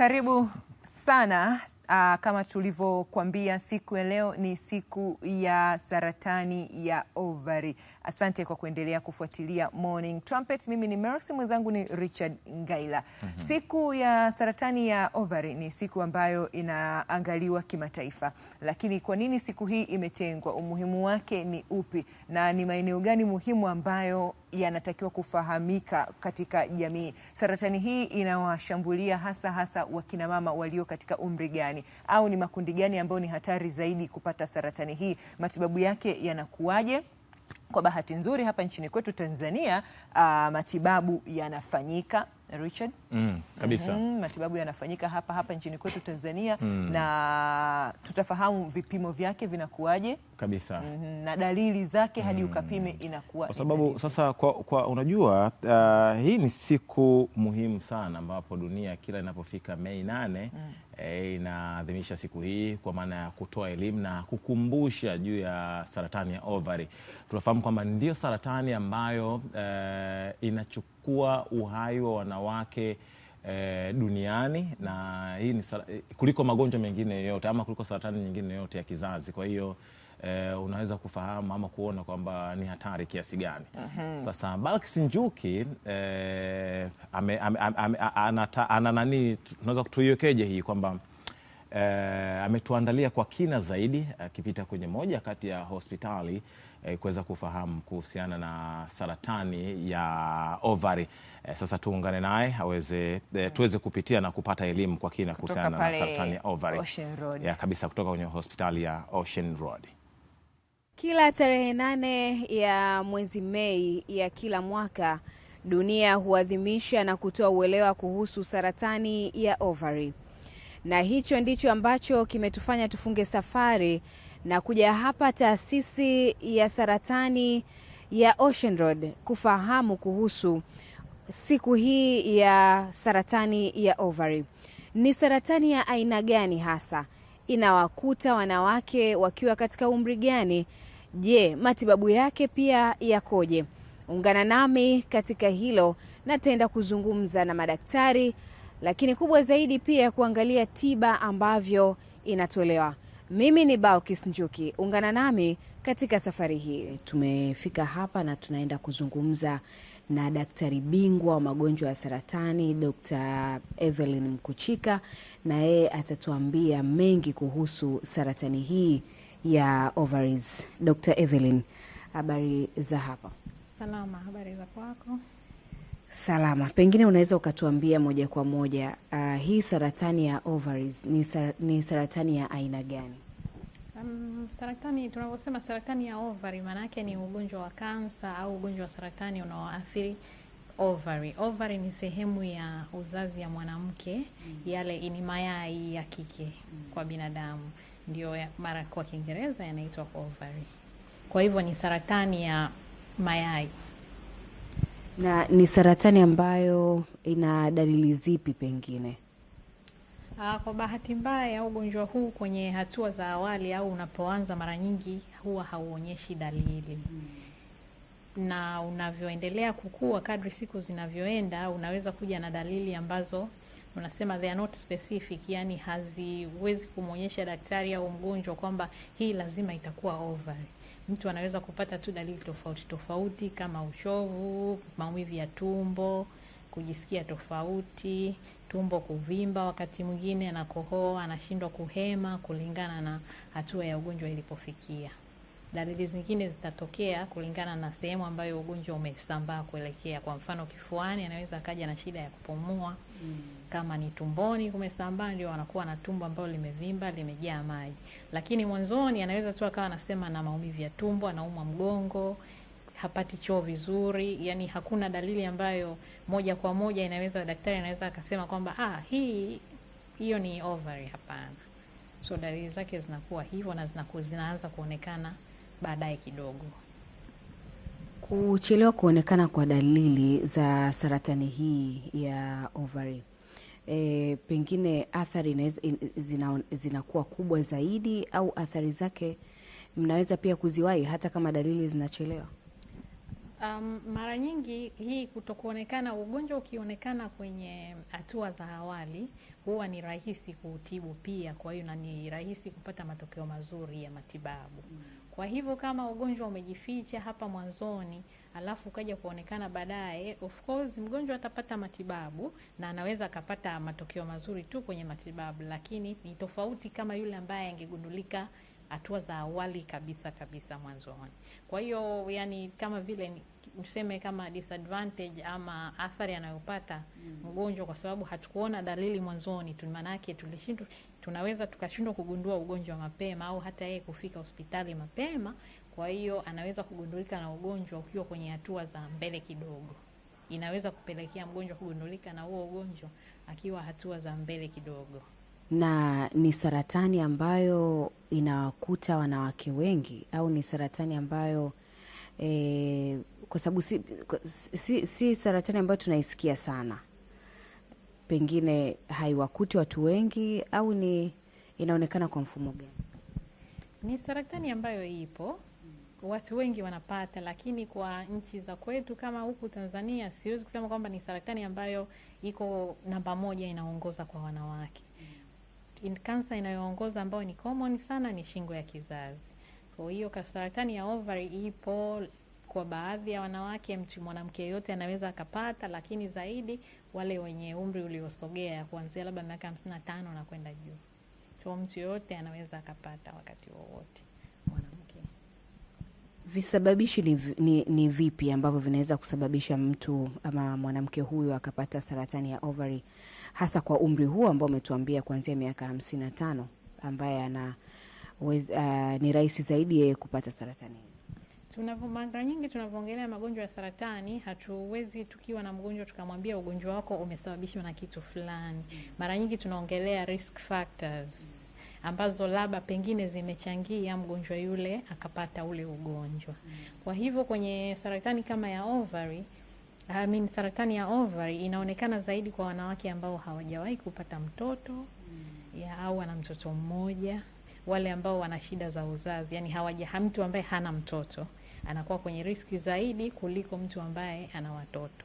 Karibu sana. Uh, kama tulivyokuambia siku ya leo ni siku ya saratani ya ovari. Asante kwa kuendelea kufuatilia Morning Trumpet. Mimi ni Mercy, mwenzangu ni Richard Ngaila. mm -hmm. Siku ya saratani ya ovari ni siku ambayo inaangaliwa kimataifa, lakini kwa nini siku hii imetengwa? Umuhimu wake ni upi, na ni maeneo gani muhimu ambayo yanatakiwa kufahamika katika jamii. Saratani hii inawashambulia hasa hasa wakinamama walio katika umri gani, au ni makundi gani ambayo ni hatari zaidi kupata saratani hii? Matibabu yake yanakuwaje? Kwa bahati nzuri hapa nchini kwetu Tanzania, uh, matibabu yanafanyika Richard. Mm, kabisa. Mm -hmm, matibabu yanafanyika hapa hapa nchini kwetu Tanzania mm. na tutafahamu vipimo vyake vinakuwaje kabisa mm -hmm, na dalili zake hadi mm. ukapime inakuwa kwa sababu sasa kwa, kwa unajua uh, hii ni siku muhimu sana ambapo dunia kila inapofika Mei nane mm. eh, inaadhimisha siku hii kwa maana ya kutoa elimu na kukumbusha juu ya saratani ya ovary. Tunafahamu kwamba ndio saratani ambayo uh, eh, inachukua kuwa uhai wa wanawake e, duniani na hii ni eh, kuliko magonjwa mengine yote ama kuliko saratani nyingine yote ya kizazi. Kwa hiyo e, unaweza kufahamu ama kuona kwamba ni hatari kiasi gani. -hmm. Sasa Balkis Njuki e, ame, ame, ame, tunaweza tuiwekeje hii kwamba eh, ametuandalia kwa kina zaidi akipita kwenye moja kati ya hospitali eh, kuweza kufahamu kuhusiana na saratani ya ovari. Eh, sasa tuungane naye aweze eh, tuweze kupitia na kupata elimu kwa kina kuhusiana na saratani ya ovari ya kabisa kutoka kwenye hospitali ya Ocean Road. Kila tarehe nane ya mwezi Mei ya kila mwaka dunia huadhimisha na kutoa uelewa kuhusu saratani ya ovari na hicho ndicho ambacho kimetufanya tufunge safari na kuja hapa taasisi ya saratani ya Ocean Road kufahamu kuhusu siku hii ya saratani ya ovary. Ni saratani ya aina gani hasa? Inawakuta wanawake wakiwa katika umri gani? Je, matibabu yake pia yakoje? Ungana nami katika hilo na taenda kuzungumza na madaktari lakini kubwa zaidi pia ya kuangalia tiba ambavyo inatolewa. Mimi ni Balkis Njuki, ungana nami katika safari hii. Tumefika hapa na tunaenda kuzungumza na daktari bingwa wa magonjwa ya saratani Dr. Evelyn Mkuchika, na yeye atatuambia mengi kuhusu saratani hii ya ovaries. Dr. Evelyn, habari za hapa? Salama, habari za kwako? salama. Pengine unaweza ukatuambia moja kwa moja, uh, hii saratani ya ovaries ni, sar ni saratani ya aina gani? Um, saratani tunavyosema saratani ya ovari maanaake ni ugonjwa wa kansa au ugonjwa wa saratani unaoathiri ovari. Ovari ni sehemu ya uzazi ya mwanamke mm. Yale ni mayai ya kike mm. Kwa binadamu ndio ya, mara kwa Kiingereza yanaitwa ovari. Kwa hivyo ni saratani ya mayai. Na ni saratani ambayo ina dalili zipi pengine? Ah, kwa bahati mbaya ugonjwa huu kwenye hatua za awali au unapoanza, mara nyingi huwa hauonyeshi dalili hmm. na unavyoendelea kukua, kadri siku zinavyoenda, unaweza kuja na dalili ambazo unasema they are not specific, yani haziwezi kumwonyesha daktari au mgonjwa kwamba hii lazima itakuwa ovary mtu anaweza kupata tu dalili tofauti tofauti kama uchovu, maumivu ya tumbo, kujisikia tofauti, tumbo kuvimba, wakati mwingine anakohoa, anashindwa kuhema kulingana na hatua ya ugonjwa ilipofikia dalili zingine zitatokea kulingana na sehemu ambayo ugonjwa umesambaa kuelekea. Kwa mfano, kifuani anaweza akaja na shida ya kupumua mm. Kama ni tumboni kumesambaa, ndio anakuwa na tumbo ambalo limevimba limejaa maji, lakini mwanzoni anaweza tu akawa anasema na maumivu ya tumbo, anaumwa mgongo hapati choo vizuri, yani hakuna dalili ambayo moja kwa moja inaweza daktari anaweza akasema kwamba ah, hii hiyo ni ovary. Hapana, so dalili zake zinakuwa hivyo na zinaanza kuonekana baadaye kidogo. Kuchelewa kuonekana kwa dalili za saratani hii ya ovary e, pengine athari zinakuwa zina kubwa zaidi au athari zake mnaweza pia kuziwahi hata kama dalili zinachelewa? Um, mara nyingi hii kutokuonekana, ugonjwa ukionekana kwenye hatua za awali huwa ni rahisi kuutibu pia, kwa hiyo na ni rahisi kupata matokeo mazuri ya matibabu mm. Kwa hivyo kama ugonjwa umejificha hapa mwanzoni alafu ukaja kuonekana baadaye, of course mgonjwa atapata matibabu na anaweza akapata matokeo mazuri tu kwenye matibabu, lakini ni tofauti kama yule ambaye angegundulika hatua za awali kabisa kabisa mwanzoni. Kwa hiyo yani, kama vile tuseme kama disadvantage ama athari anayopata mm, mgonjwa kwa sababu hatukuona dalili mwanzoni tu, maana yake tulishindwa tunaweza tukashindwa kugundua ugonjwa mapema au hata yeye kufika hospitali mapema. Kwa hiyo anaweza kugundulika na ugonjwa ukiwa kwenye hatua za mbele kidogo, inaweza kupelekea mgonjwa kugundulika na huo ugonjwa akiwa hatua za mbele kidogo. Na ni saratani ambayo inawakuta wanawake wengi au ni saratani ambayo e, kwa sababu si, si, si saratani ambayo tunaisikia sana pengine haiwakuti watu wengi au ni inaonekana kwa mfumo gani? Ni saratani ambayo ipo watu wengi wanapata, lakini kwa nchi za kwetu kama huku Tanzania, siwezi kusema kwamba ni saratani ambayo iko namba moja inaongoza kwa wanawake. In kansa inayoongoza ambayo ni common sana ni shingo ya kizazi. Kwa hiyo saratani ya ovary ipo, kwa baadhi ya wanawake, mtu mwanamke yote anaweza akapata, lakini zaidi wale wenye umri uliosogea kuanzia labda miaka hamsini na tano na kwenda juu. kwa mtu yoyote anaweza akapata wakati wowote mwanamke. Visababishi ni, ni, ni vipi ambavyo vinaweza kusababisha mtu ama mwanamke huyu akapata saratani ya ovary hasa kwa umri huu ambao umetuambia kuanzia miaka hamsini na tano ambaye ana uh, ni rahisi zaidi yeye kupata saratani hii? tunavyo nyingi tunavyoongelea magonjwa ya saratani, hatuwezi tukiwa na mgonjwa tukamwambia ugonjwa wako umesababishwa na kitu fulani. Mara nyingi tunaongelea risk factors ambazo labda pengine zimechangia mgonjwa yule akapata ule ugonjwa. Kwa hivyo kwenye saratani kama ya ovary I mean, saratani ya ovary inaonekana zaidi kwa wanawake ambao hawajawahi kupata mtoto ya au wana mtoto mmoja, wale ambao wana shida za uzazi, yani hawaja mtu ambaye hana mtoto mm anakuwa kwenye riski zaidi kuliko mtu ambaye ana watoto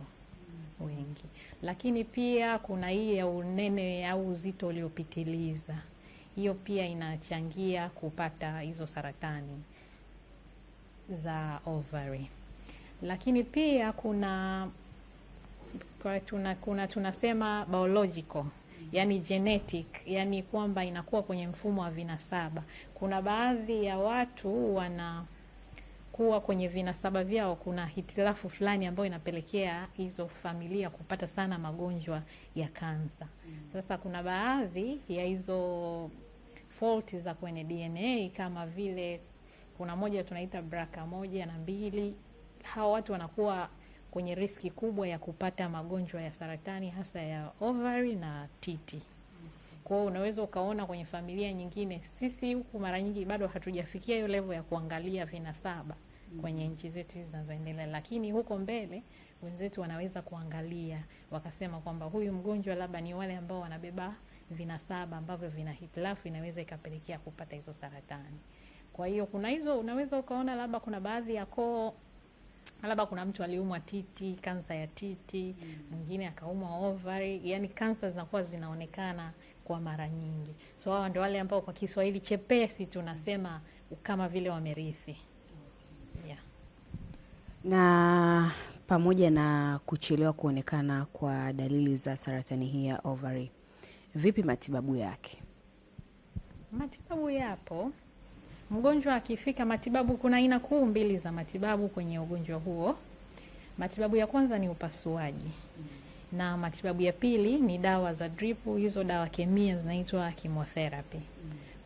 wengi. Lakini pia kuna hii ya unene au uzito uliopitiliza, hiyo pia inachangia kupata hizo saratani za ovary. Lakini pia kuna tuna, kuna tunasema biological yani genetic, yani kwamba inakuwa kwenye mfumo wa vinasaba. Kuna baadhi ya watu wana kuwa kwenye vinasaba vyao kuna hitilafu fulani ambayo inapelekea hizo familia kupata sana magonjwa ya kansa. Mm. Sasa kuna baadhi ya hizo fault za kwenye DNA kama vile kuna moja tunaita BRCA moja na mbili. Hawa watu wanakuwa kwenye riski kubwa ya kupata magonjwa ya saratani hasa ya ovary na titi. Kwa hiyo unaweza ukaona kwenye familia nyingine, sisi huku mara nyingi bado hatujafikia hiyo level ya kuangalia vinasaba, kwenye nchi zetu hizi zinazoendelea, lakini huko mbele wenzetu wanaweza kuangalia wakasema kwamba huyu mgonjwa labda ni wale ambao wanabeba vinasaba ambavyo vina hitilafu, inaweza ikapelekea kupata hizo saratani. Kwa hiyo kuna hizo, unaweza ukaona labda kuna baadhi ya koo labda kuna mtu aliumwa titi, kansa ya titi, mwingine mm. akaumwa ovary, yani kansa zinakuwa zinaonekana kwa mara nyingi. So hawa ndio wale ambao kwa Kiswahili chepesi tunasema kama vile wamerithi na pamoja na kuchelewa kuonekana kwa dalili za saratani hii ya ovary, vipi matibabu yake? Matibabu yapo. Mgonjwa akifika matibabu, kuna aina kuu mbili za matibabu kwenye ugonjwa huo. Matibabu ya kwanza ni upasuaji na matibabu ya pili ni dawa za drip. Hizo dawa kemia zinaitwa chemotherapy.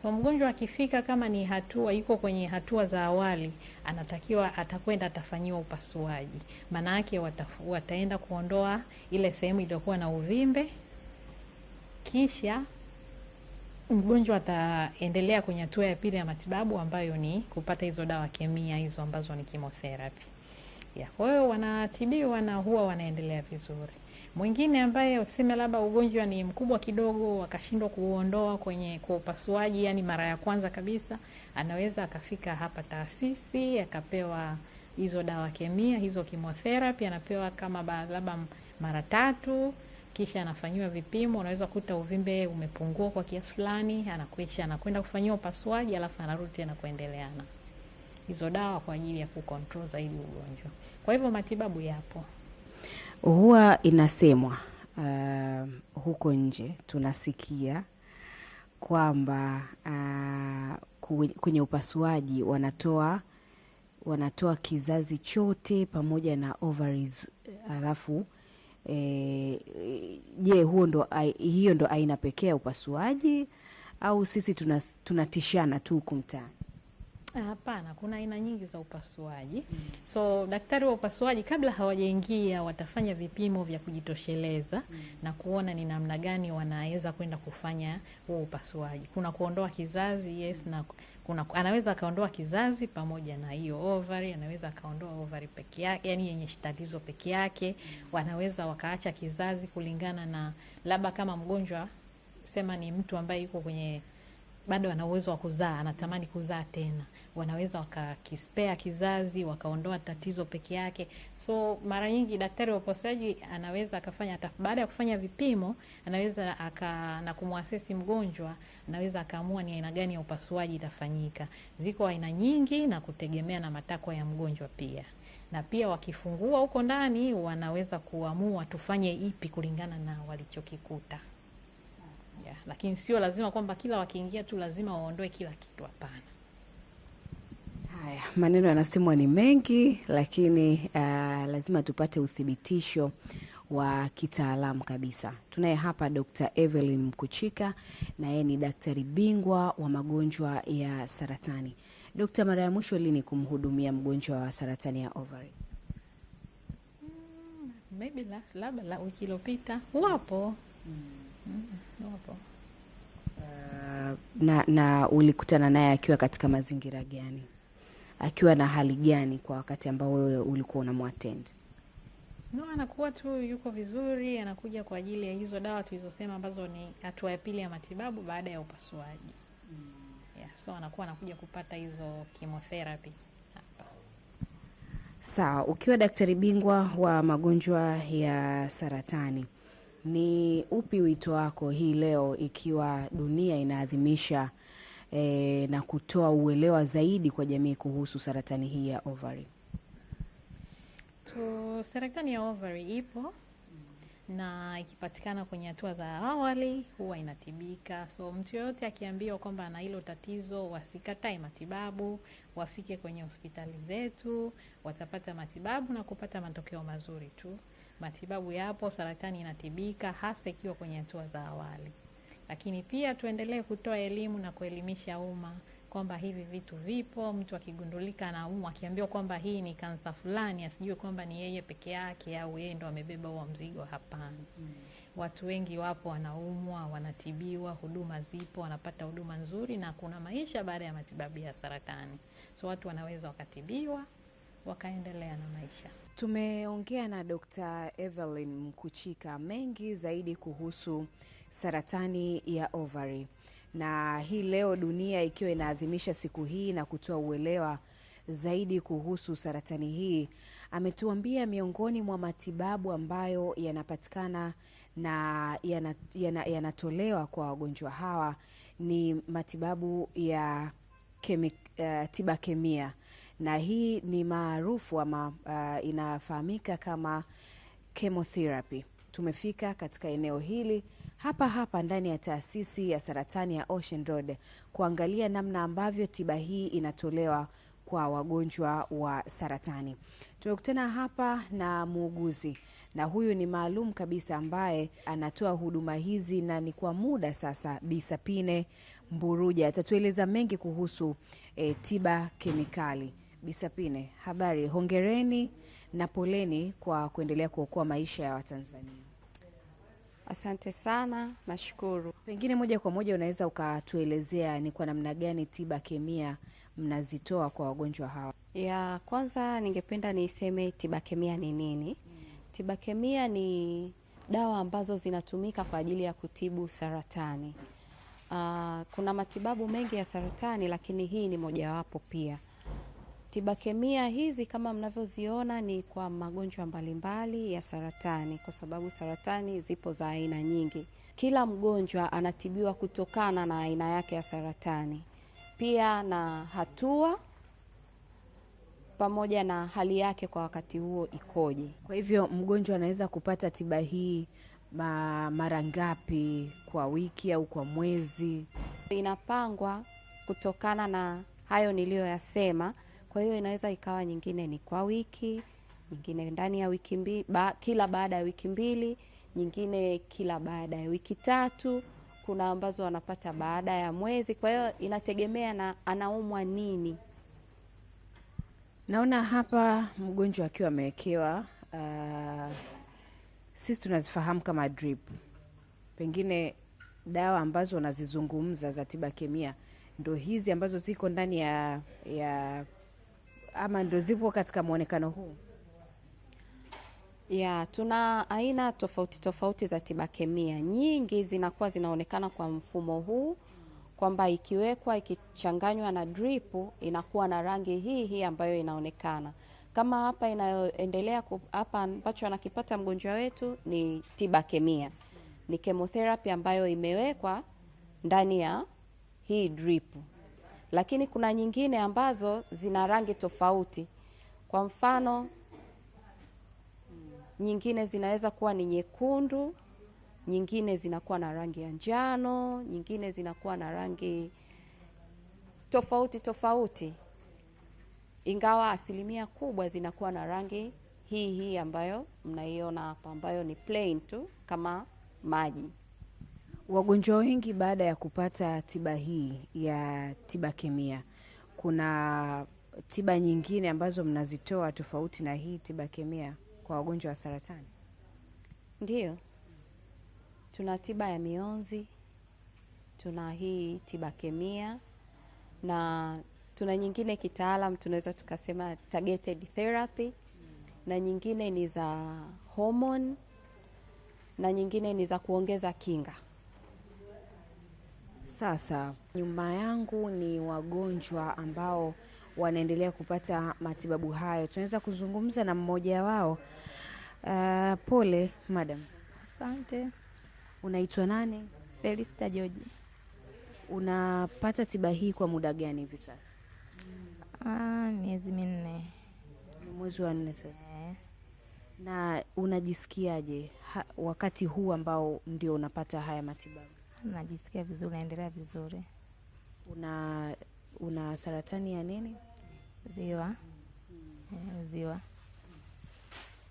Kwa mgonjwa akifika, kama ni hatua iko kwenye hatua za awali, anatakiwa atakwenda atafanyiwa upasuaji. Maana yake wata, wataenda kuondoa ile sehemu iliyokuwa na uvimbe, kisha mgonjwa ataendelea kwenye hatua ya pili ya matibabu ambayo ni kupata hizo dawa kemia hizo ambazo ni chemotherapy. Kwa hiyo wanatibiwa na huwa wanaendelea vizuri. Mwingine ambaye useme labda ugonjwa ni mkubwa kidogo, akashindwa kuuondoa kwenye kwa upasuaji, yani mara ya kwanza kabisa, anaweza akafika hapa taasisi akapewa hizo dawa kemia, hizo kimotherapy, anapewa kama labda mara tatu kisha anafanyiwa vipimo, unaweza kuta uvimbe umepungua kwa kiasi fulani, anakwisha anakwenda kufanyiwa upasuaji, alafu anarudi tena kuendeleana hizo dawa kwa ajili ya kucontrol zaidi ugonjwa. Kwa hivyo matibabu yapo huwa inasemwa uh, huko nje tunasikia kwamba uh, kwenye upasuaji wanatoa wanatoa kizazi chote pamoja na ovaries, alafu eh, je, e, huo ndo, hiyo ndo aina pekee ya upasuaji au sisi tunatishana tuna tu huku mtaani? Eh, hapana, kuna aina nyingi za upasuaji mm. So daktari wa upasuaji kabla hawajaingia watafanya vipimo vya kujitosheleza mm. na kuona ni namna gani wanaweza kwenda kufanya huo upasuaji. Kuna kuondoa kizazi yes, mm. na kuna, anaweza akaondoa kizazi pamoja na hiyo ovari, anaweza akaondoa ovary peke yake, yani yenye tatizo peke yake mm. wanaweza wakaacha kizazi kulingana na labda kama mgonjwa sema ni mtu ambaye yuko kwenye bado ana uwezo wa kuzaa, anatamani kuzaa tena, wanaweza wakakispea kizazi, wakaondoa tatizo peke yake. So mara nyingi daktari wa upasuaji anaweza akafanya, baada ya kufanya vipimo, anaweza aka, na kumwasesi mgonjwa, anaweza akaamua ni aina gani ya upasuaji itafanyika. Ziko aina nyingi na kutegemea na matakwa ya mgonjwa pia na pia wakifungua huko ndani wanaweza kuamua tufanye ipi kulingana na walichokikuta yeah. Lakini sio lazima kwamba kila wakiingia tu lazima waondoe kila kitu, hapana. Haya, maneno yanasemwa ni mengi, lakini uh, lazima tupate uthibitisho wa kitaalamu kabisa. Tunaye hapa Dr. Evelyn Mkuchika na yeye ni daktari bingwa wa magonjwa ya saratani. Dokta, mara ya mwisho lini kumhudumia mgonjwa wa saratani ya ovary? Mm, maybe labda la, wiki iliyopita. Wapo mm. Mm, mm, uh, na, na ulikutana naye akiwa katika mazingira gani, akiwa na hali gani kwa wakati ambao wewe ulikuwa unamwatendi? No, anakuwa tu yuko vizuri, anakuja kwa ajili ya hizo dawa tulizosema ambazo ni hatua ya pili ya matibabu baada ya upasuaji. Mm. Yeah, so anakuwa anakuja kupata hizo chemotherapy. Sawa, ukiwa daktari bingwa wa magonjwa ya saratani ni upi wito wako hii leo ikiwa dunia inaadhimisha e, na kutoa uelewa zaidi kwa jamii kuhusu saratani hii ya ovary? saratani ya ovary ipo na ikipatikana kwenye hatua za awali huwa inatibika. So mtu yoyote akiambiwa kwamba ana hilo tatizo, wasikatae matibabu, wafike kwenye hospitali zetu, watapata matibabu na kupata matokeo mazuri tu matibabu yapo, saratani inatibika, hasa ikiwa kwenye hatua za awali. Lakini pia tuendelee kutoa elimu na kuelimisha umma kwamba hivi vitu vipo. Mtu akigundulika anaumwa, akiambiwa kwamba hii ni kansa fulani, asijue kwamba ni yeye peke yake au yeye ndo amebeba huo mzigo. Hapana, mm. Watu wengi wapo wanaumwa, wanatibiwa, huduma zipo, wanapata huduma nzuri na kuna maisha baada ya matibabu ya saratani. So watu wanaweza wakatibiwa wakaendelea na maisha. Tumeongea na Dr. Evelyn Mkuchika mengi zaidi kuhusu saratani ya ovary. Na hii leo dunia ikiwa inaadhimisha siku hii na kutoa uelewa zaidi kuhusu saratani hii, ametuambia miongoni mwa matibabu ambayo yanapatikana na yanatolewa yana, yana kwa wagonjwa hawa ni matibabu ya kemi, uh, tiba kemia na hii ni maarufu ama uh, inafahamika kama chemotherapy. Tumefika katika eneo hili hapa hapa ndani ya taasisi ya saratani ya Ocean Road kuangalia namna ambavyo tiba hii inatolewa kwa wagonjwa wa saratani. Tumekutana hapa na muuguzi na huyu ni maalum kabisa ambaye anatoa huduma hizi na ni kwa muda sasa. bisapine Mburuja atatueleza mengi kuhusu e, tiba kemikali. Bisapine, habari, hongereni na poleni kwa kuendelea kuokoa maisha ya Watanzania. Asante sana, nashukuru. Pengine moja kwa moja unaweza ukatuelezea ni kwa namna gani tiba kemia mnazitoa kwa wagonjwa hawa? Ya kwanza ningependa niseme tiba kemia ni nini? Hmm. Tiba kemia ni dawa ambazo zinatumika kwa ajili ya kutibu saratani. Uh, kuna matibabu mengi ya saratani lakini hii ni mojawapo pia. Tiba kemia hizi kama mnavyoziona ni kwa magonjwa mbalimbali ya saratani, kwa sababu saratani zipo za aina nyingi. Kila mgonjwa anatibiwa kutokana na aina yake ya saratani, pia na hatua pamoja na hali yake kwa wakati huo ikoje. Kwa hivyo mgonjwa anaweza kupata tiba hii ma, mara ngapi kwa wiki au kwa mwezi? Inapangwa kutokana na hayo niliyoyasema. Kwa hiyo inaweza ikawa nyingine ni kwa wiki, nyingine ndani ya wiki mbili, ba, kila baada ya wiki mbili, nyingine kila baada ya wiki tatu. Kuna ambazo wanapata baada ya mwezi. Kwa hiyo inategemea na anaumwa nini. Naona hapa mgonjwa akiwa amewekewa uh, sisi tunazifahamu kama drip. Pengine dawa ambazo wanazizungumza za tiba kemia ndo hizi ambazo ziko ndani ya, ya ama ndo zipo katika mwonekano huu ya tuna aina tofauti tofauti za tiba kemia. Nyingi zinakuwa zinaonekana kwa mfumo huu kwamba ikiwekwa ikichanganywa na drip inakuwa na rangi hii hii ambayo inaonekana. Kama hapa inayoendelea hapa, ambacho anakipata mgonjwa wetu ni tiba kemia, ni chemotherapy ambayo imewekwa ndani ya hii drip, lakini kuna nyingine ambazo zina rangi tofauti. Kwa mfano, nyingine zinaweza kuwa ni nyekundu, nyingine zinakuwa na rangi ya njano, nyingine zinakuwa na rangi tofauti tofauti ingawa asilimia kubwa zinakuwa na rangi hii hii ambayo mnaiona hapa, ambayo ni plain tu kama maji. Wagonjwa wengi baada ya kupata tiba hii ya tiba kemia, kuna tiba nyingine ambazo mnazitoa tofauti na hii tiba kemia kwa wagonjwa wa saratani? Ndiyo, tuna tiba ya mionzi, tuna hii tiba kemia na Tuna nyingine kitaalam tunaweza tukasema targeted therapy na nyingine ni za homon na nyingine ni za kuongeza kinga. Sasa nyuma yangu ni wagonjwa ambao wanaendelea kupata matibabu hayo. Tunaweza kuzungumza na mmoja wao. Uh, pole madam. Asante. Unaitwa nani? Felista Joji. Unapata tiba hii kwa muda gani hivi sasa? Ah, miezi minne. Mwezi wa nne sasa. Eh. Na unajisikiaje wakati huu ambao ndio unapata haya matibabu? Najisikia vizuri, naendelea vizuri. Una una saratani ya nini? Ziwa. Hmm. Ziwa.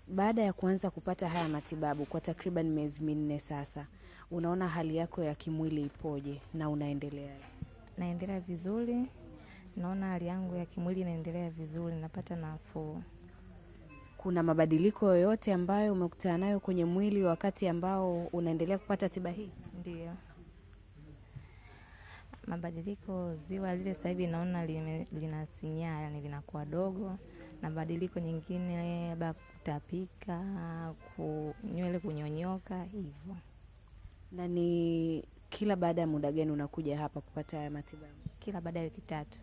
Baada ya kuanza kupata haya matibabu kwa takriban miezi minne sasa, unaona hali yako ya kimwili ipoje na unaendelea? Naendelea vizuri naona hali yangu ya kimwili inaendelea vizuri, napata nafuu. Kuna mabadiliko yoyote ambayo umekutana nayo kwenye mwili wakati ambao unaendelea kupata tiba hii? ndio mabadiliko, ziwa lile sasa hivi naona linasinyaa, yani linakuwa dogo, na mabadiliko nyingine labda kutapika, kunywele nywele kunyonyoka hivyo. Na ni kila baada ya muda gani unakuja hapa kupata haya matibabu? Kila baada ya wiki tatu.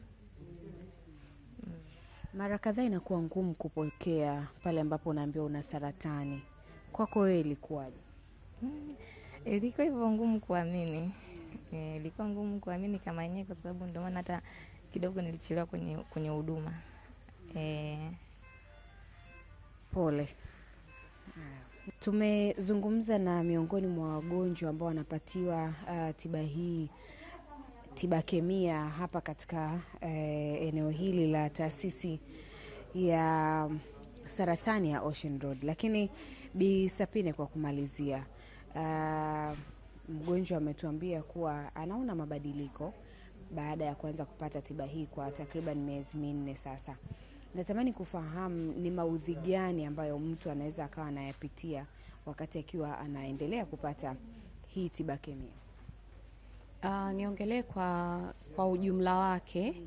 Mara kadhaa inakuwa ngumu kupokea pale ambapo unaambiwa una saratani. Kwako wewe ilikuwaje? Mm, ilikuwa hivyo ngumu kuamini. E, eh, ilikuwa ngumu kuamini kama enyewe kwa sababu ndio maana hata kidogo nilichelewa kwenye kwenye huduma e. Pole. Tumezungumza na miongoni mwa wagonjwa ambao wanapatiwa uh, tiba hii tiba kemia hapa katika eh, eneo hili la taasisi ya saratani ya Ocean Road. Lakini Bi Sapine, kwa kumalizia, uh, mgonjwa ametuambia kuwa anaona mabadiliko baada ya kuanza kupata tiba hii kwa takriban miezi minne sasa. Natamani kufahamu ni maudhi gani ambayo mtu anaweza akawa anayapitia wakati akiwa anaendelea kupata hii tiba kemia. Uh, niongelee kwa, kwa ujumla wake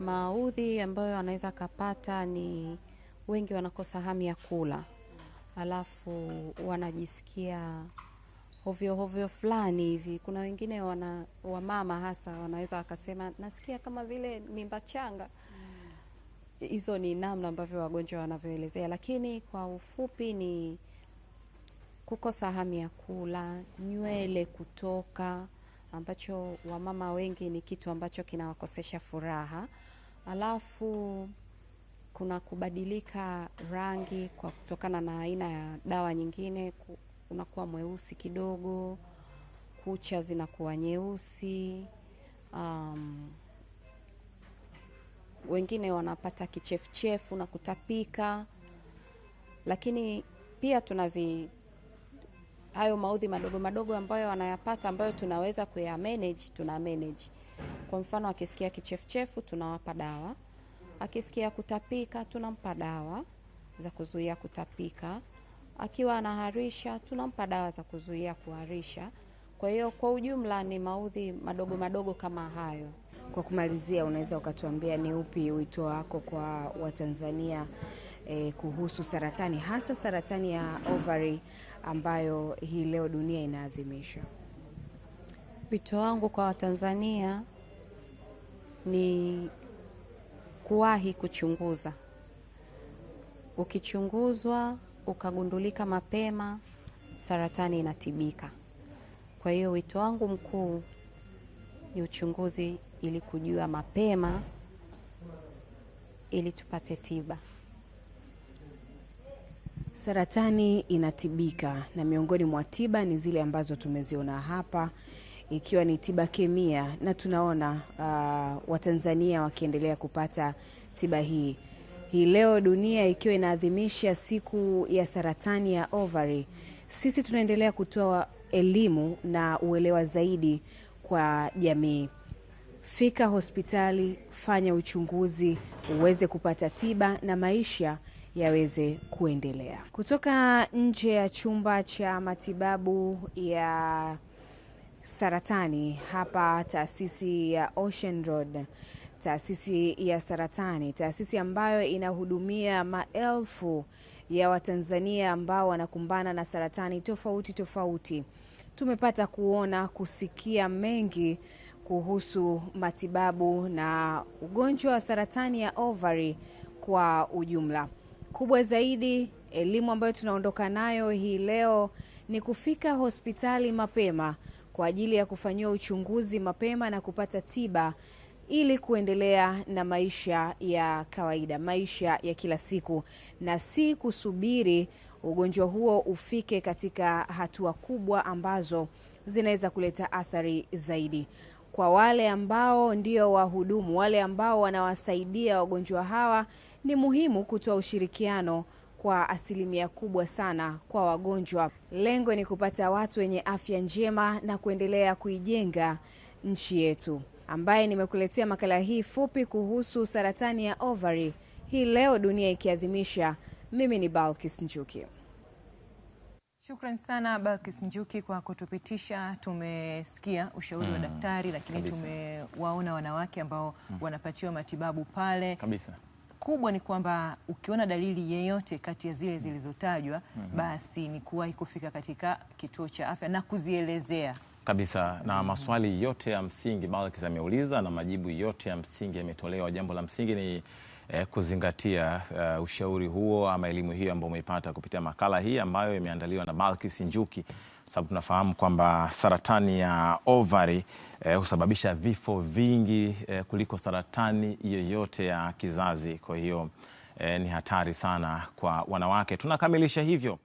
maudhi ambayo anaweza akapata ni wengi wanakosa hamu ya kula, alafu wanajisikia hovyo hovyo fulani hivi. Kuna wengine wana, wamama hasa wanaweza wakasema nasikia kama vile mimba changa. Hizo ni namna ambavyo wagonjwa wanavyoelezea, lakini kwa ufupi ni kukosa hamu ya kula, nywele kutoka ambacho wamama wengi ni kitu ambacho kinawakosesha furaha. Alafu kuna kubadilika rangi kwa kutokana na aina ya dawa nyingine, unakuwa mweusi kidogo, kucha zinakuwa nyeusi. Um, wengine wanapata kichefuchefu na kutapika, lakini pia tunazi hayo maudhi madogo madogo ambayo wanayapata ambayo tunaweza kuya manage, tuna manage. Kwa mfano akisikia kichefuchefu tunawapa dawa, akisikia kutapika tunampa dawa za kuzuia kutapika, akiwa anaharisha tunampa dawa za kuzuia kuharisha. Kwa hiyo kwa ujumla ni maudhi madogo madogo kama hayo. Kwa kumalizia, unaweza ukatuambia ni upi wito wako kwa Watanzania eh, kuhusu saratani hasa saratani ya ovary ambayo hii leo dunia inaadhimisha. Wito wangu kwa Watanzania ni kuwahi kuchunguza. Ukichunguzwa ukagundulika mapema, saratani inatibika. Kwa hiyo wito wangu mkuu ni uchunguzi, ili kujua mapema, ili tupate tiba. Saratani inatibika na miongoni mwa tiba ni zile ambazo tumeziona hapa ikiwa ni tiba kemia, na tunaona uh, Watanzania wakiendelea kupata tiba hii. Hii leo dunia ikiwa inaadhimisha siku ya saratani ya ovary sisi tunaendelea kutoa elimu na uelewa zaidi kwa jamii. Fika hospitali, fanya uchunguzi, uweze kupata tiba na maisha yaweze kuendelea. Kutoka nje ya chumba cha matibabu ya saratani hapa taasisi ya Ocean Road, taasisi ya saratani, taasisi ambayo inahudumia maelfu ya Watanzania ambao wanakumbana na saratani tofauti tofauti. Tumepata kuona, kusikia mengi kuhusu matibabu na ugonjwa wa saratani ya ovary kwa ujumla kubwa zaidi, elimu ambayo tunaondoka nayo hii leo ni kufika hospitali mapema kwa ajili ya kufanyiwa uchunguzi mapema na kupata tiba ili kuendelea na maisha ya kawaida, maisha ya kila siku, na si kusubiri ugonjwa huo ufike katika hatua kubwa ambazo zinaweza kuleta athari zaidi. Kwa wale ambao ndio wahudumu, wale ambao wanawasaidia wagonjwa hawa ni muhimu kutoa ushirikiano kwa asilimia kubwa sana kwa wagonjwa. Lengo ni kupata watu wenye afya njema na kuendelea kuijenga nchi yetu, ambaye nimekuletea makala hii fupi kuhusu saratani ya ovary hii leo dunia ikiadhimisha. Mimi ni Balkis Njuki. Shukran sana Balkis Njuki kwa kutupitisha. Tumesikia ushauri wa mm, daktari lakini tumewaona wanawake ambao mm. wanapatiwa matibabu pale kabisa kikubwa ni kwamba ukiona dalili yeyote kati ya zile mm. zilizotajwa, mm-hmm. basi ni kuwahi kufika katika kituo cha afya na kuzielezea kabisa na mm-hmm. maswali yote ya msingi Balkis ameuliza na majibu yote ya msingi yametolewa. Jambo la msingi ni eh, kuzingatia uh, ushauri huo ama elimu hiyo ambayo umeipata kupitia makala hii ambayo imeandaliwa na Malkis Njuki, sababu tunafahamu kwamba saratani ya ovary Eh, husababisha vifo vingi eh, kuliko saratani yoyote ya kizazi. Kwa hiyo eh, ni hatari sana kwa wanawake. Tunakamilisha hivyo.